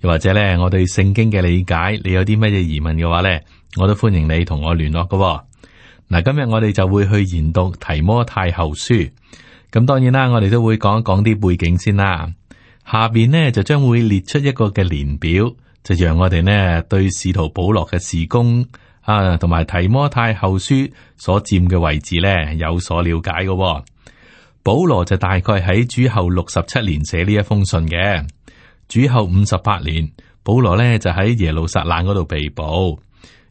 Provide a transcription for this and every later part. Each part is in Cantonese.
又或者咧，我對聖經嘅理解，你有啲乜嘢疑問嘅話咧，我都歡迎你同我聯絡嘅。嗱，今日我哋就會去研讀提摩太後書，咁當然啦，我哋都會講一講啲背景先啦。下邊呢，就將會列出一個嘅年表，就讓我哋呢對使徒保羅嘅事工啊，同埋提摩太後書所佔嘅位置咧有所了解嘅哦。保羅就大概喺主後六十七年寫呢一封信嘅。主後五十八年，保羅呢就喺耶路撒冷嗰度被捕。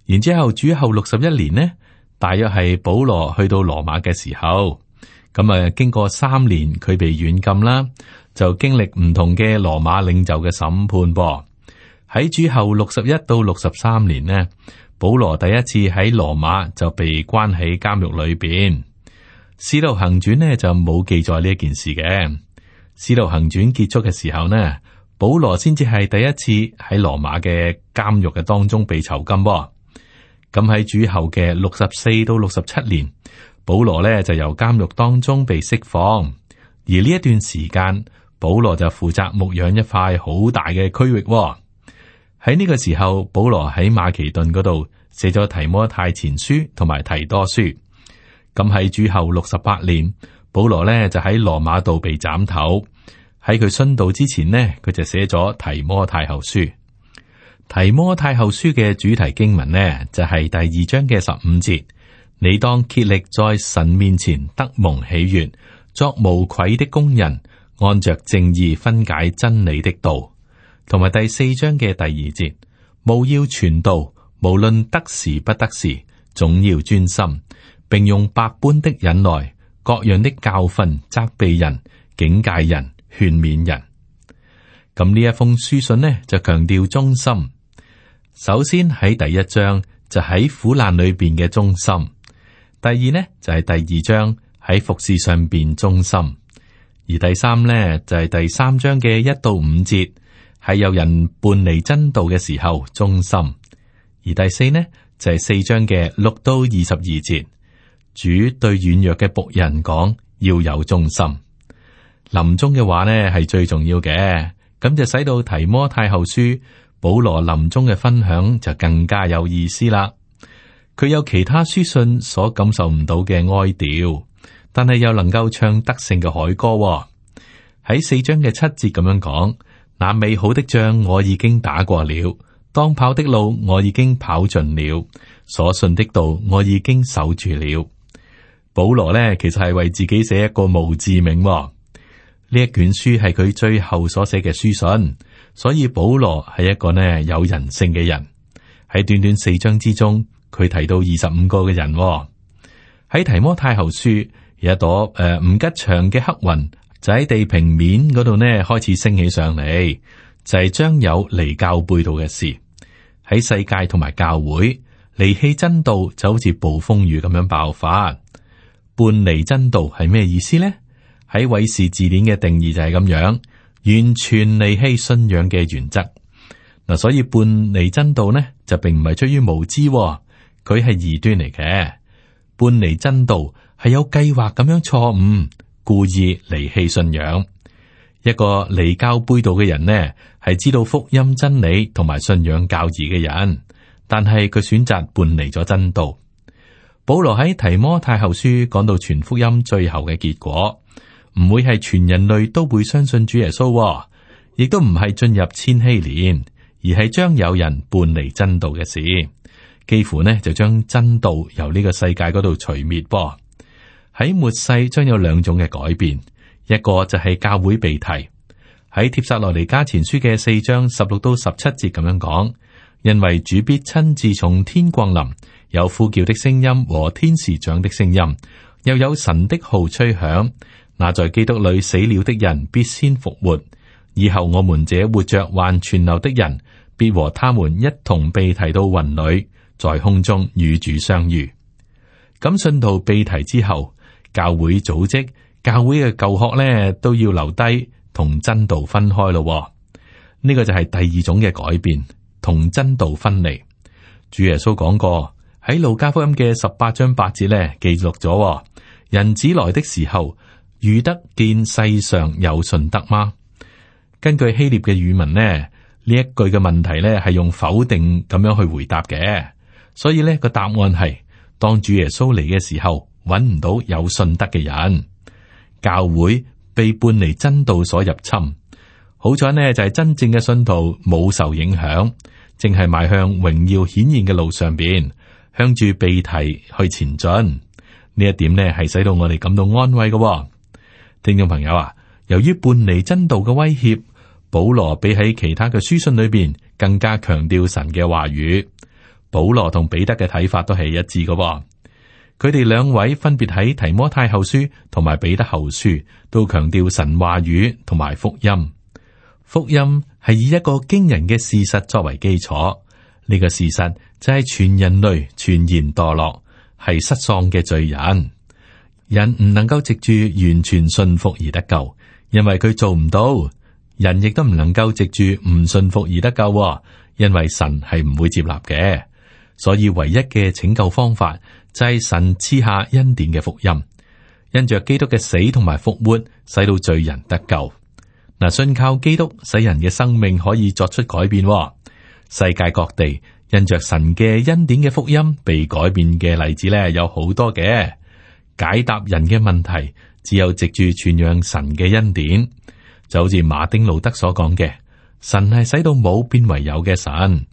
然之後，主後六十一年呢，大約係保羅去到羅馬嘅時候，咁啊，經過三年佢被軟禁啦，就經歷唔同嘅羅馬領袖嘅審判噃。喺主後六十一到六十三年呢，保羅第一次喺羅馬就被關喺監獄裏邊。《使徒行傳》呢，就冇記載呢一件事嘅。《使徒行傳》結束嘅時候呢。保羅先至係第一次喺羅馬嘅監獄嘅當中被囚禁，哦。咁喺主後嘅六十四到六十七年，保羅呢就由監獄當中被釋放，而呢一段時間，保羅就負責牧養一塊好大嘅區域，哦。喺呢個時候，保羅喺馬其頓嗰度寫咗提摩太前書同埋提多書。咁喺主後六十八年，保羅呢就喺羅馬度被斬頭。喺佢殉道之前呢，佢就寫咗《提摩太後書》。《提摩太後書》嘅主題經文呢，就係第二章嘅十五節，你當竭力在神面前得蒙喜悅，作無愧的工人，按着正義分解真理的道。同埋第四章嘅第二節，務要傳道，無論得時不得時，總要專心，並用百般的忍耐、各樣的教訓責備人、警戒人。勸勉人，咁呢一封書信呢就強調忠心。首先喺第一章就喺苦難裏邊嘅忠心，第二呢就係、是、第二章喺服侍上邊忠心，而第三呢就係、是、第三章嘅一到五節喺有人叛離真道嘅時候忠心，而第四呢就係、是、四章嘅六到二十二節，主對軟弱嘅僕人講要有忠心。林中嘅話呢係最重要嘅，咁就使到提摩太後書保羅臨終嘅分享就更加有意思啦。佢有其他書信所感受唔到嘅哀調，但係又能夠唱得勝嘅凱歌喺、哦、四章嘅七節咁樣講。那美好的仗我已經打過了，當跑的路我已經跑盡了，所信的道我已經守住了。保羅呢其實係為自己寫一個墓誌銘、哦。呢一卷書係佢最後所寫嘅書信，所以保羅係一個呢有人性嘅人。喺短短四章之中，佢提到二十五個嘅人，哦。喺提摩太後書有一朵誒唔、呃、吉祥嘅黑雲，就喺地平面嗰度呢開始升起上嚟，就係、是、將有離教背道嘅事喺世界同埋教會離棄真道，就好似暴風雨咁樣爆發。半離真道係咩意思呢？喺《韋氏字典》嘅定義就係咁樣，完全離棄信仰嘅原則嗱。所以，叛離真道呢就並唔係出於無知、哦，佢係異端嚟嘅。叛離真道係有計劃咁樣錯誤，故意離棄信仰。一個離教背道嘅人呢係知道福音真理同埋信仰教義嘅人，但係佢選擇叛離咗真道。保羅喺《提摩太後書》講到全福音最後嘅結果。唔會係全人類都會相信主耶穌，亦都唔係進入千禧年，而係將有人叛離真道嘅事，幾乎呢就將真道由呢個世界嗰度除滅。喺末世將有兩種嘅改變，一個就係教會被提。喺帖撒羅尼迦前書嘅四章十六到十七節咁樣講，因為主必親自從天降臨，有呼叫的聲音和天使長的聲音，又有神的號吹響。那在基督裏死了的人，必先復活；以後我們這活着還存留的人，必和他們一同被提到雲裏，在空中與主相遇。咁，信徒被提之後，教會組織、教會嘅舊學咧，都要留低同真道分開咯。呢、這個就係第二種嘅改變，同真道分離。主耶穌講過喺路加福音嘅十八章八節咧，記錄咗人子來的時候。遇得見世上有信德嗎？根據希臘嘅語文呢，呢一句嘅問題呢係用否定咁樣去回答嘅，所以呢個答案係當主耶穌嚟嘅時候，揾唔到有信德嘅人，教會被叛離真道所入侵。好彩呢就係真正嘅信徒冇受影響，淨係邁向榮耀顯現嘅路上邊，向住鼻提去前進。呢一點呢係使到我哋感到安慰嘅。聽眾朋友啊，由於叛離真道嘅威脅，保羅比喺其他嘅書信裏邊更加強調神嘅話語。保羅同彼得嘅睇法都係一致嘅，佢哋兩位分別喺提摩太後書同埋彼得後書都強調神話語同埋福音。福音係以一個驚人嘅事實作為基礎，呢個事實就係全人類全然墮落，係失喪嘅罪人。人唔能夠藉住完全信服而得救，因為佢做唔到。人亦都唔能夠藉住唔信服而得救，因為神係唔會接納嘅。所以唯一嘅拯救方法就係神賜下恩典嘅福音，因着基督嘅死同埋復活，使到罪人得救。嗱，信靠基督，使人嘅生命可以作出改變。世界各地因着神嘅恩典嘅福音被改變嘅例子咧，有好多嘅。解答人嘅問題，只有藉住傳揚神嘅恩典，就好似馬丁路德所講嘅，神係使到冇變為有嘅神。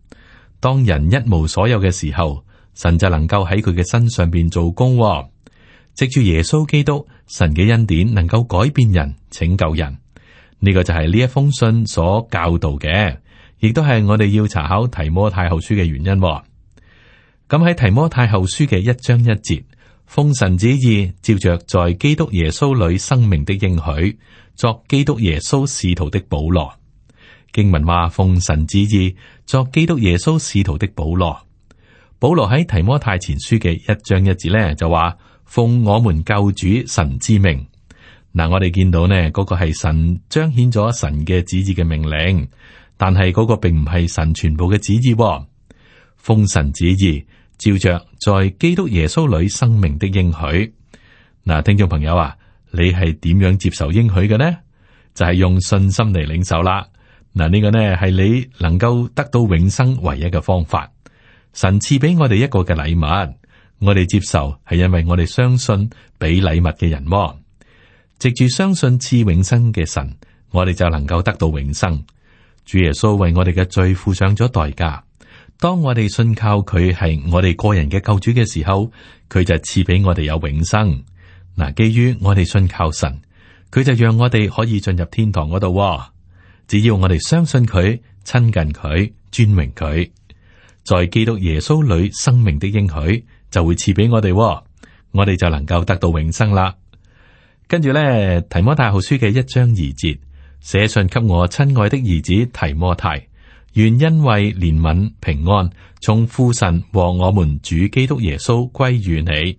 當人一無所有嘅時候，神就能夠喺佢嘅身上邊做工。藉住耶穌基督神嘅恩典，能夠改變人、拯救人。呢、這個就係呢一封信所教導嘅，亦都係我哋要查考提摩太後書嘅原因。咁喺提摩太後書嘅一章一節。奉神旨意，照着在基督耶穌裏生命的應許，作基督耶穌使徒的保羅。經文話：奉神旨意，作基督耶穌使徒的保羅。保羅喺提摩太前書嘅一章一字咧，就話，奉我們救主神之命。嗱、啊，我哋見到呢嗰、那個係神彰顯咗神嘅旨意嘅命令，但係嗰個並唔係神全部嘅旨意、哦。奉神旨意。照着在基督耶穌裏生命的應許，嗱，聽眾朋友啊，你係點樣接受應許嘅呢？就係用信心嚟領受啦。嗱，呢個呢係你能夠得到永生唯一嘅方法。神賜俾我哋一個嘅禮物，我哋接受係因為我哋相信俾禮物嘅人喎。藉住相信賜永生嘅神，我哋就能夠得到永生。主耶穌為我哋嘅罪付上咗代價。當我哋信靠佢係我哋個人嘅救主嘅時候，佢就賜俾我哋有永生。嗱，基於我哋信靠神，佢就讓我哋可以進入天堂嗰度。只要我哋相信佢、親近佢、尊榮佢，在基督耶穌裏生命的應許就會賜俾我哋，我哋就能夠得到永生啦。跟住咧，提摩太後書嘅一章二節，寫信給我親愛的兒子提摩太。願因為憐憫平安，從父神和我們主基督耶穌歸於你。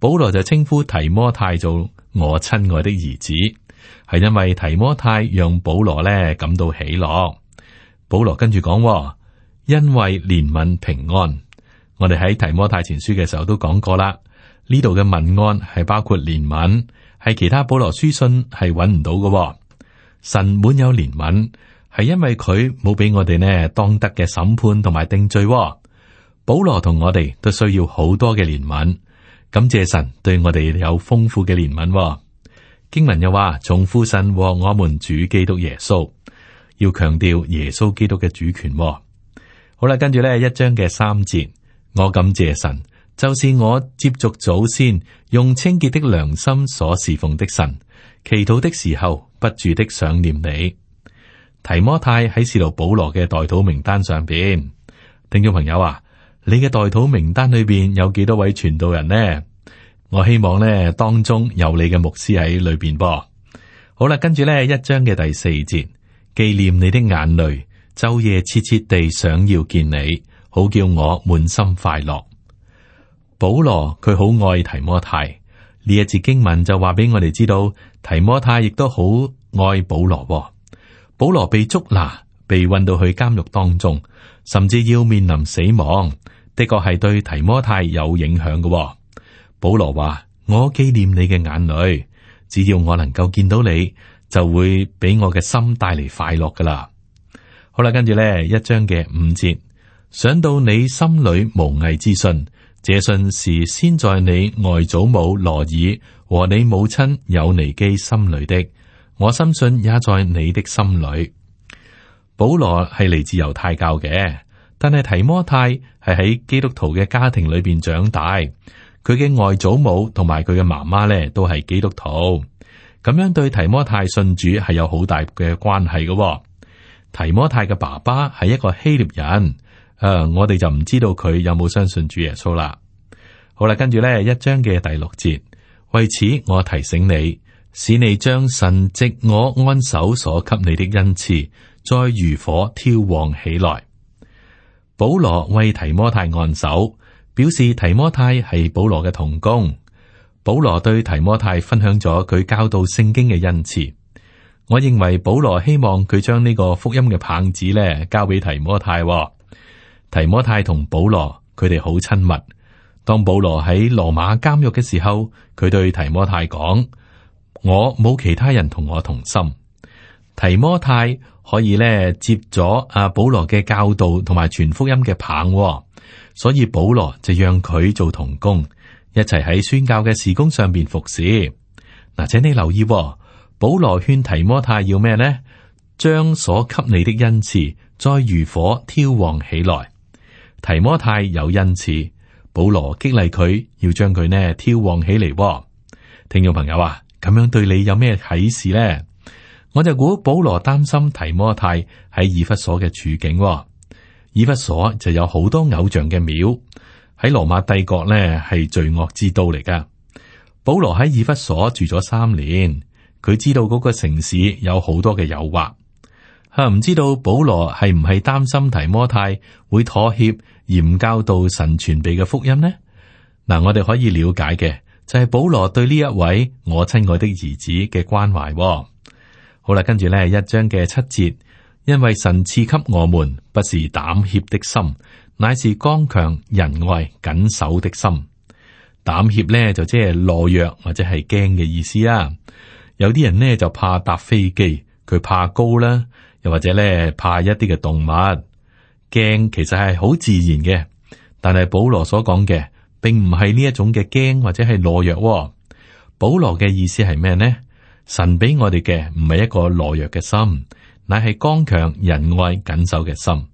保羅就稱呼提摩太做我親愛的兒子，係因為提摩太讓保羅咧感到喜樂。保羅跟住講，因為憐憫平安，我哋喺提摩太前書嘅時候都講過啦。呢度嘅問安係包括憐憫，係其他保羅書信係揾唔到嘅。神滿有憐憫。係因為佢冇俾我哋呢當得嘅審判同埋定罪，哦。保羅同我哋都需要好多嘅憐憫，感謝神對我哋有豐富嘅憐憫，哦。經文又話，從父神和我們主基督耶穌，要強調耶穌基督嘅主權，哦。好啦，跟住呢一章嘅三節，我感謝神，就是我接續祖先用清潔的良心所侍奉的神，祈禱的時候不住的想念你。提摩太喺使徒保羅嘅代禱名單上邊，聽眾朋友啊，你嘅代禱名單裏邊有幾多位傳道人呢？我希望呢當中有你嘅牧師喺裏邊。噃。好啦，跟住呢一章嘅第四節，紀念你的眼淚，晝夜切切地想要見你，好叫我滿心快樂。保羅佢好愛提摩太，呢一節經文就話俾我哋知道，提摩太亦都好愛保羅。保羅被捉拿，被運到去監獄當中，甚至要面臨死亡，的確係對提摩太有影響嘅、哦。保羅話：我紀念你嘅眼淚，只要我能夠見到你，就會俾我嘅心帶嚟快樂噶啦。好啦，跟住呢一章嘅五節，想到你心裏無偽之信，這信是先在你外祖母羅爾和你母親有尼基心裏的。我深信也在你的心裏。保羅係嚟自猶太教嘅，但係提摩太係喺基督徒嘅家庭裏邊長大。佢嘅外祖母同埋佢嘅媽媽咧都係基督徒，咁樣對提摩太信主係有好大嘅關係嘅、哦。提摩太嘅爸爸係一個希臘人，誒、呃，我哋就唔知道佢有冇相信主耶穌啦。好啦，跟住咧一章嘅第六節，為此我提醒你。使你將神藉我按手所給你的恩賜，再如火挑旺起來。保羅為提摩太按手，表示提摩太係保羅嘅同工。保羅對提摩太分享咗佢教導聖經嘅恩賜。我認為保羅希望佢將呢個福音嘅棒子呢，交俾提摩太。提摩太同保羅佢哋好親密。當保羅喺羅馬監獄嘅時候，佢對提摩太講。我冇其他人同我同心，提摩太可以咧接咗阿保羅嘅教導，同埋全福音嘅棒，所以保羅就讓佢做同工，一齊喺宣教嘅事工上邊服侍。嗱，請你留意，保羅勸提摩太要咩呢？將所給你的恩賜再如火挑旺起來。提摩太有恩賜，保羅激勵佢要將佢呢挑旺起嚟。聽眾朋友啊！咁樣對你有咩啟示呢？我就估保羅擔心提摩太喺以弗所嘅處境哦。以弗所就有好多偶像嘅廟，喺羅馬帝國呢，係罪惡之都嚟噶。保羅喺以弗所住咗三年，佢知道嗰個城市有好多嘅誘惑。唔知道保羅係唔係擔心提摩太會妥協，而唔教導神全備嘅福音呢？嗱，我哋可以了解嘅。就係保羅對呢一位我親愛的兒子嘅關懷、哦。好啦，跟住咧一章嘅七節，因為神賜給我們不是膽怯的心，乃是剛強仁愛謹守的心。膽怯咧就即係懦弱或者係驚嘅意思啊。有啲人呢就怕搭飛機，佢怕高啦，又或者咧怕一啲嘅動物。驚其實係好自然嘅。但係保羅所講嘅。並唔係呢一種嘅驚或者係懦弱、哦。保羅嘅意思係咩呢？神俾我哋嘅唔係一個懦弱嘅心，乃係剛強仁愛謹守嘅心。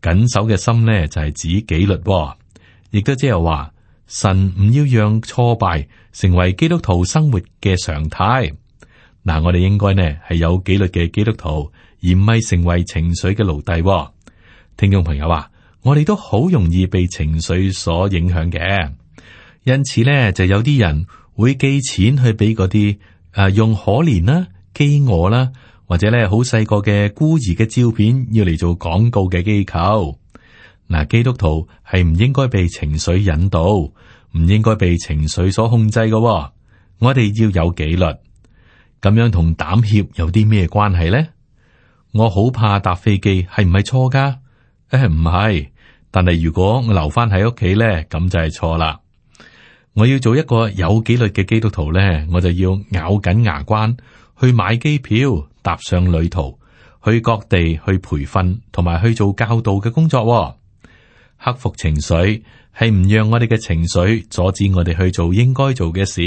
謹守嘅心呢就係、是、指紀律、哦，亦都即係話神唔要讓挫敗成為基督徒生活嘅常態。嗱，我哋應該呢係有紀律嘅基督徒，而唔係成為情緒嘅奴隸、哦。聽眾朋友話！我哋都好容易被情緒所影響嘅，因此咧就有啲人會寄錢去俾嗰啲誒用可憐啦、啊、飢餓啦、啊，或者咧好細個嘅孤兒嘅照片要嚟做廣告嘅機構。嗱、啊，基督徒係唔應該被情緒引導，唔應該被情緒所控制嘅，哦。我哋要有紀律，咁樣同膽怯有啲咩關係咧？我好怕搭飛機，係唔係錯噶？誒，唔係，哎，但係如果我留翻喺屋企咧，咁就係錯啦。我要做一個有紀律嘅基督徒咧，我就要咬緊牙關去買機票，搭上旅途去各地去培訓，同埋去做教導嘅工作喎。克服情緒係唔讓我哋嘅情緒阻止我哋去做應該做嘅事。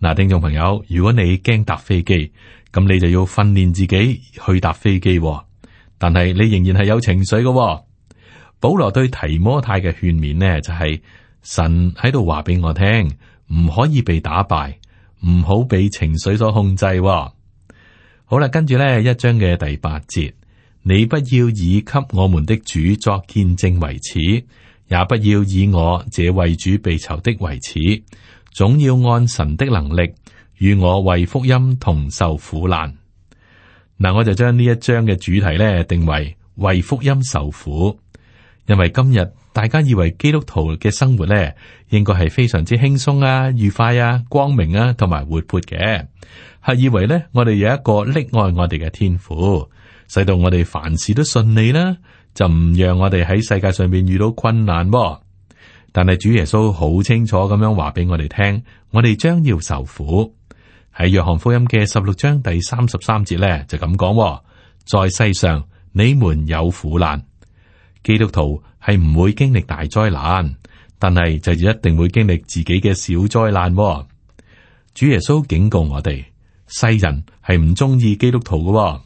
嗱，啊，聽眾朋友，如果你驚搭飛機，咁你就要訓練自己去搭飛機喎。但係你仍然係有情緒嘅、哦，保羅對提摩太嘅勸勉呢，就係、是、神喺度話俾我聽，唔可以被打敗，唔好被情緒所控制、哦。好啦，跟住呢一章嘅第八節，你不要以給我們的主作見證為恥，也不要以我這為主被囚的為恥，總要按神的能力與我為福音同受苦難。嗱，我就將呢一章嘅主題呢定為為福音受苦，因為今日大家以為基督徒嘅生活呢應該係非常之輕鬆啊、愉快啊、光明啊，同埋活潑嘅，係以為呢，我哋有一個溺愛我哋嘅天父，使到我哋凡事都順利啦，就唔讓我哋喺世界上面遇到困難噃。但係主耶穌好清楚咁樣話俾我哋聽，我哋將要受苦。喺約翰福音嘅十六章第三十三節咧，就咁講喎。在世上你們有苦難，基督徒係唔會經歷大災難，但係就一定會經歷自己嘅小災難哦。主耶穌警告我哋，世人係唔中意基督徒嘅哦。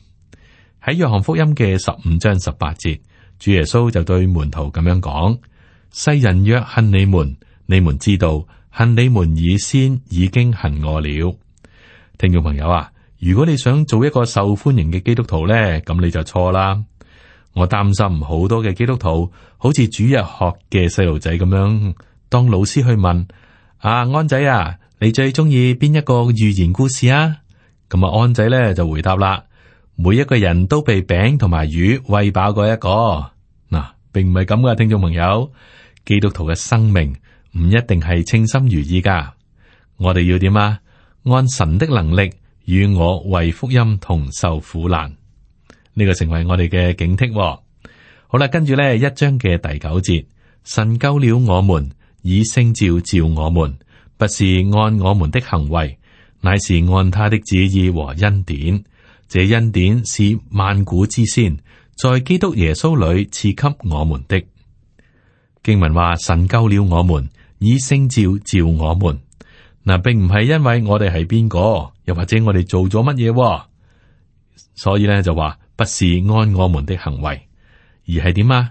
喺約翰福音嘅十五章十八節，主耶穌就對門徒咁樣講：世人若恨你們，你們知道恨你們以先已經恨我了。聽眾朋友啊，如果你想做一個受歡迎嘅基督徒咧，咁你就錯啦。我擔心好多嘅基督徒好似主日學嘅細路仔咁樣，當老師去問：啊安仔啊，你最中意邊一個寓言故事啊？咁啊安仔咧就回答啦：每一個人都被餅同埋魚餵飽過一個。嗱、啊，並唔係咁噶，聽眾朋友，基督徒嘅生命唔一定係稱心如意噶。我哋要點啊？按神的能力與我為福音同受苦難，呢、這個成為我哋嘅警惕，哦。好啦，跟住呢一章嘅第九節，神救了我們，以聖召召我們，不是按我們的行為，乃是按他的旨意和恩典。這恩典是萬古之先，在基督耶穌裏賜給我們的。經文話神救了我們，以聖召召我們。嗱，並唔係因為我哋係邊個，又或者我哋做咗乜嘢，所以咧就話不是按我們的行為，而係點啊？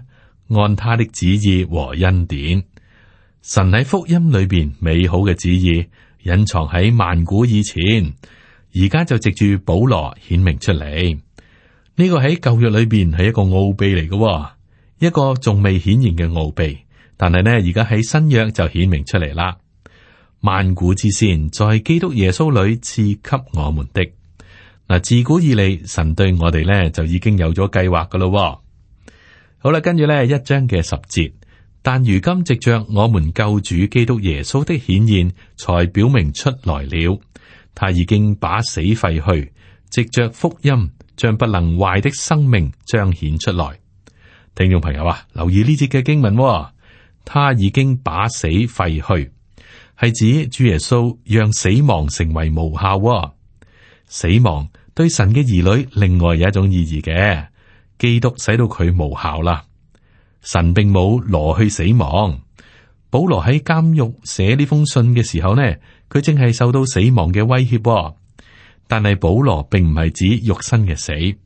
按他的旨意和恩典，神喺福音裏邊美好嘅旨意，隱藏喺萬古以前，而家就藉住保羅顯明出嚟。呢個喺舊約裏邊係一個奧秘嚟嘅，一個仲未顯現嘅奧秘，但係呢，而家喺新約就顯明出嚟啦。萬古之先，在基督耶穌裏賜給我們的。嗱，自古以嚟，神對我哋咧就已經有咗計劃噶咯。好啦，跟住咧一章嘅十節，但如今藉着我們救主基督耶穌的顯現，才表明出來了。他已經把死廢去，藉着福音將不能壞的生命彰顯出來。聽眾朋友啊，留意呢節嘅經文啊，他已經把死廢去。係指主耶穌讓死亡成為無效、哦。死亡對神嘅兒女另外有一種意義嘅，基督使到佢無效啦。神並冇挪去死亡。保羅喺監獄寫呢封信嘅時候呢，佢正係受到死亡嘅威脅、哦。但係保羅並唔係指肉身嘅死，佢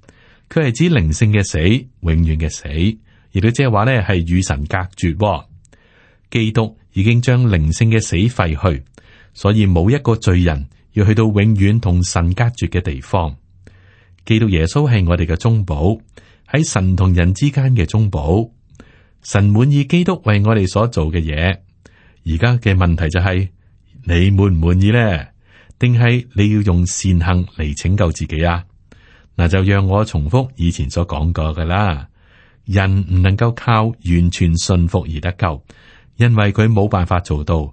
係指靈性嘅死、永遠嘅死，亦都即係話呢係與神隔絕、哦。基督已經將靈性嘅死廢去，所以冇一個罪人要去到永遠同神隔絕嘅地方。基督耶穌係我哋嘅中保，喺神同人之間嘅中保。神滿意基督為我哋所做嘅嘢。而家嘅問題就係你滿唔滿意呢？定係你要用善行嚟拯救自己啊？嗱，就讓我重複以前所講過噶啦，人唔能夠靠完全信服而得救。因為佢冇辦法做到，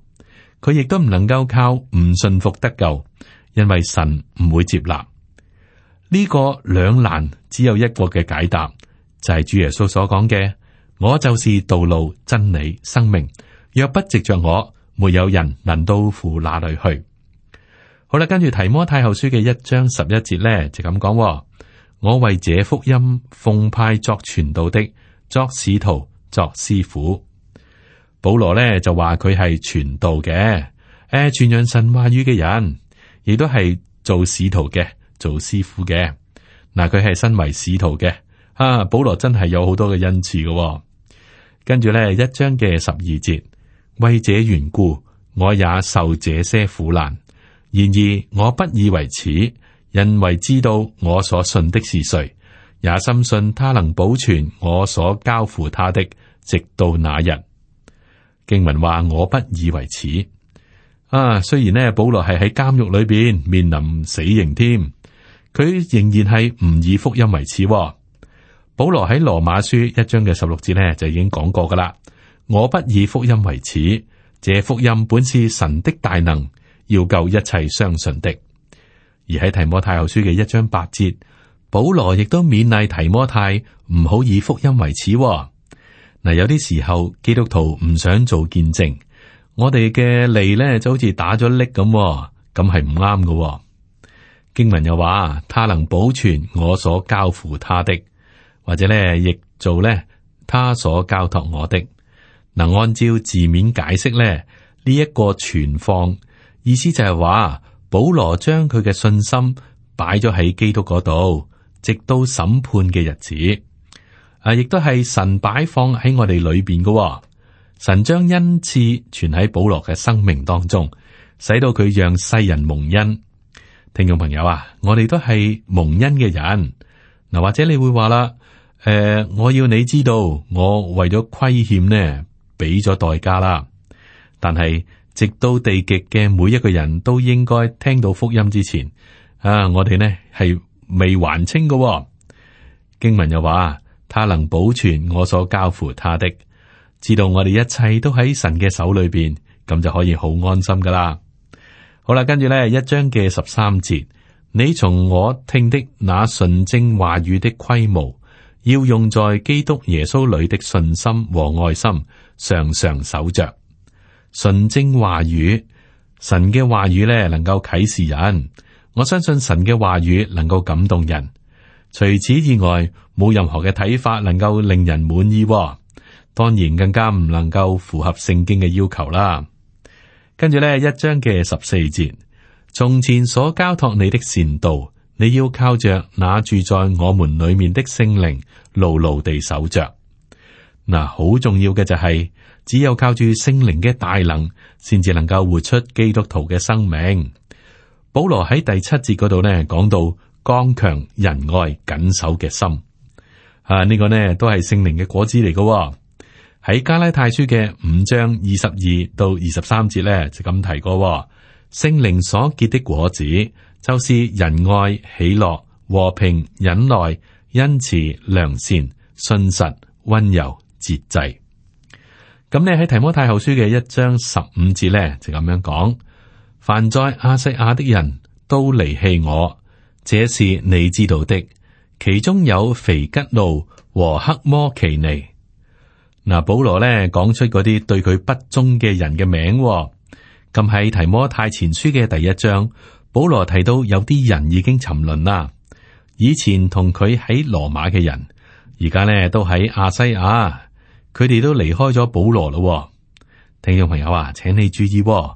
佢亦都唔能夠靠唔信服得救，因為神唔會接納呢個兩難，只有一個嘅解答就係主耶穌所講嘅：我就是道路、真理、生命，若不藉着我，沒有人能到父那裏去。好啦，跟住提摩太後書嘅一章十一節咧，就咁講：我為這福音奉派作傳道的，作使徒，作師傅。保羅咧就話佢係傳道嘅，誒傳揚神話語嘅人，亦都係做使徒嘅，做師傅嘅。嗱、啊，佢係身為使徒嘅啊。保羅真係有好多嘅恩賜嘅、哦。跟住咧，一章嘅十二節，為這緣故，我也受這些苦難，然而我不以為恥，因為知道我所信的是誰，也深信他能保存我所交付他的，直到那日。經文話我不以為恥啊，雖然呢保羅係喺監獄裏邊面臨死刑添，佢仍然係唔以福音為恥。保羅喺羅馬書一章嘅十六節呢就已經講過噶啦，我不以福音為恥，這福音本是神的大能，要救一切相信的。而喺提摩太後書嘅一章八節，保羅亦都勉勵提摩太唔好以福音為恥。嗱、啊，有啲時候基督徒唔想做見證，我哋嘅利咧就好似打咗溺咁，咁係唔啱嘅。經文又話，他能保存我所交付他的，或者咧亦做咧他所交託我的。能、啊、按照字面解釋咧，呢、這、一個存放意思就係話，保羅將佢嘅信心擺咗喺基督嗰度，直到審判嘅日子。啊！亦都係神擺放喺我哋裏邊嘅，哦，神將恩賜存喺保羅嘅生命當中，使到佢讓世人蒙恩。聽眾朋友啊，我哋都係蒙恩嘅人嗱。或者你會話啦，誒、呃，我要你知道，我為咗虧欠呢，俾咗代價啦。但係直到地極嘅每一個人都應該聽到福音之前，啊，我哋呢係未還清嘅，哦。經文又話。他能保存我所交付他的，知道我哋一切都喺神嘅手裏邊，咁就可以好安心噶啦。好啦，跟住呢一章嘅十三節，你從我聽的那純正話語的規模，要用在基督耶穌裏的信心和愛心，常常守着純正話語。神嘅話語咧能夠啟示人，我相信神嘅話語能夠感動人。除此以外，冇任何嘅睇法能夠令人滿意哦。當然更加唔能夠符合聖經嘅要求啦。跟住呢一章嘅十四節，從前所交託你的善道，你要靠着那住在我們裏面的聖靈，牢牢地守着。嗱，啊，好重要嘅就係、是，只有靠住聖靈嘅大能，先至能夠活出基督徒嘅生命。保羅喺第七節嗰度呢講到。剛強、仁愛、緊守嘅心，啊，呢、這個呢都係聖靈嘅果子嚟噶、哦。喺加拉太書嘅五章二十二到二十三節呢，就咁提過哦，聖靈所結的果子，就是仁愛、喜樂、和平、忍耐、恩慈、良善、信實、温柔、節制。咁你喺提摩太後書嘅一章十五節呢，就咁樣講：凡在亞細亞的人都離棄我。這是你知道的，其中有肥吉路和黑摩奇尼。嗱，保羅咧講出嗰啲對佢不忠嘅人嘅名喎。咁喺提摩太前書嘅第一章，保羅提到有啲人已經沉淪啦。以前同佢喺羅馬嘅人，而家呢都喺亞西亞，佢哋都離開咗保羅咯喎。聽眾朋友啊，請你注意喎，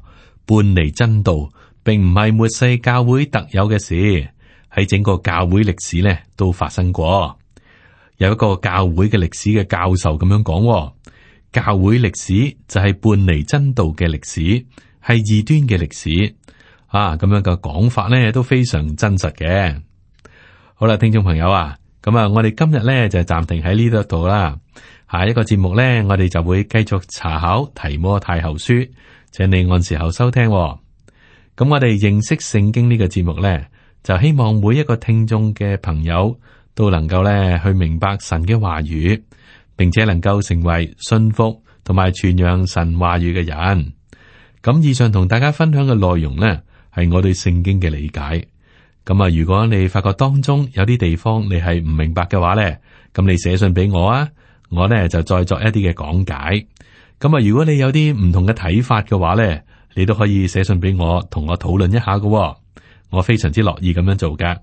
叛離真道並唔係末世教會特有嘅事。喺整個教會歷史咧，都發生過有一個教會嘅歷史嘅教授咁樣講、哦，教會歷史就係叛離真道嘅歷史，係異端嘅歷史啊。咁樣嘅講法咧都非常真實嘅。好啦，聽眾朋友啊，咁啊，我哋今日咧就暫停喺呢度度啦。下一個節目咧，我哋就會繼續查考提摩太後書，請你按時候收聽、哦。咁我哋認識聖經呢、這個節目咧。就希望每一個聽眾嘅朋友都能夠咧去明白神嘅話語，並且能夠成為信服同埋傳揚神話語嘅人。咁以上同大家分享嘅內容呢，係我對聖經嘅理解。咁啊，如果你發覺當中有啲地方你係唔明白嘅話呢，咁你寫信俾我啊，我呢就再作一啲嘅講解。咁啊，如果你有啲唔同嘅睇法嘅話呢，你都可以寫信俾我，同我討論一下嘅。我非常之樂意咁樣做噶。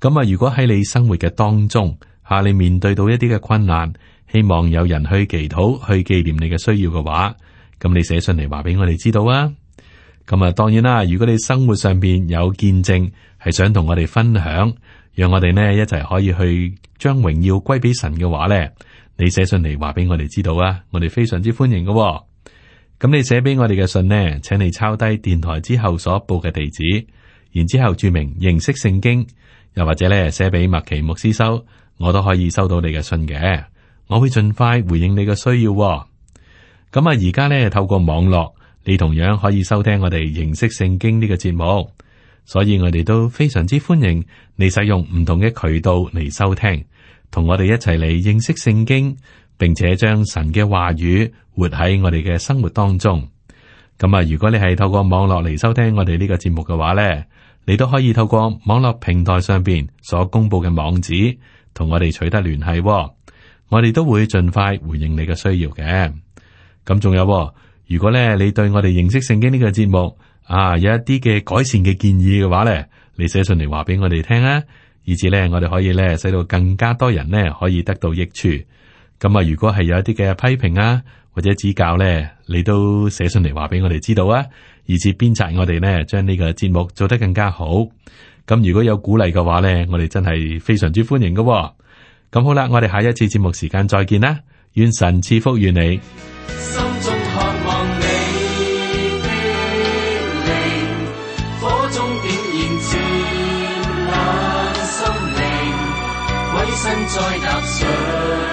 咁啊，如果喺你生活嘅當中下你面對到一啲嘅困難，希望有人去祈禱、去紀念你嘅需要嘅話，咁你寫信嚟話俾我哋知道啊。咁啊，當然啦，如果你生活上邊有見證，係想同我哋分享，讓我哋呢一齊可以去將榮耀歸俾神嘅話呢，你寫信嚟話俾我哋知道啊。我哋非常之歡迎噶。咁你寫俾我哋嘅信呢，請你抄低電台之後所報嘅地址。然之後注明認識聖經，又或者咧寫俾麥奇牧師收，我都可以收到你嘅信嘅。我會盡快回應你嘅需要、哦。咁啊，而家咧透過網絡，你同樣可以收聽我哋認識聖經呢、這個節目。所以，我哋都非常之歡迎你使用唔同嘅渠道嚟收聽，同我哋一齊嚟認識聖經，並且將神嘅話語活喺我哋嘅生活當中。咁啊，如果你係透過網絡嚟收聽我哋呢個節目嘅話咧。你都可以透過網絡平台上邊所公布嘅網址，同我哋取得聯繫。我哋都會盡快回應你嘅需要嘅。咁仲有，如果咧你對我哋認識聖經呢個節目啊有一啲嘅改善嘅建議嘅話咧，你寫信嚟話俾我哋聽啊，以至咧我哋可以咧使到更加多人咧可以得到益處。咁啊，如果係有一啲嘅批評啊或者指教咧，你都寫信嚟話俾我哋知道啊。而此鞭策我哋呢，將呢個節目做得更加好。咁如果有鼓勵嘅話呢，我哋真係非常之歡迎㗎喎。咁好啦，我哋下一次節目時間再見啦，願神賜福與你。心中渴望你的靈。火中點燃，至冷心靈，鬼身再踏上。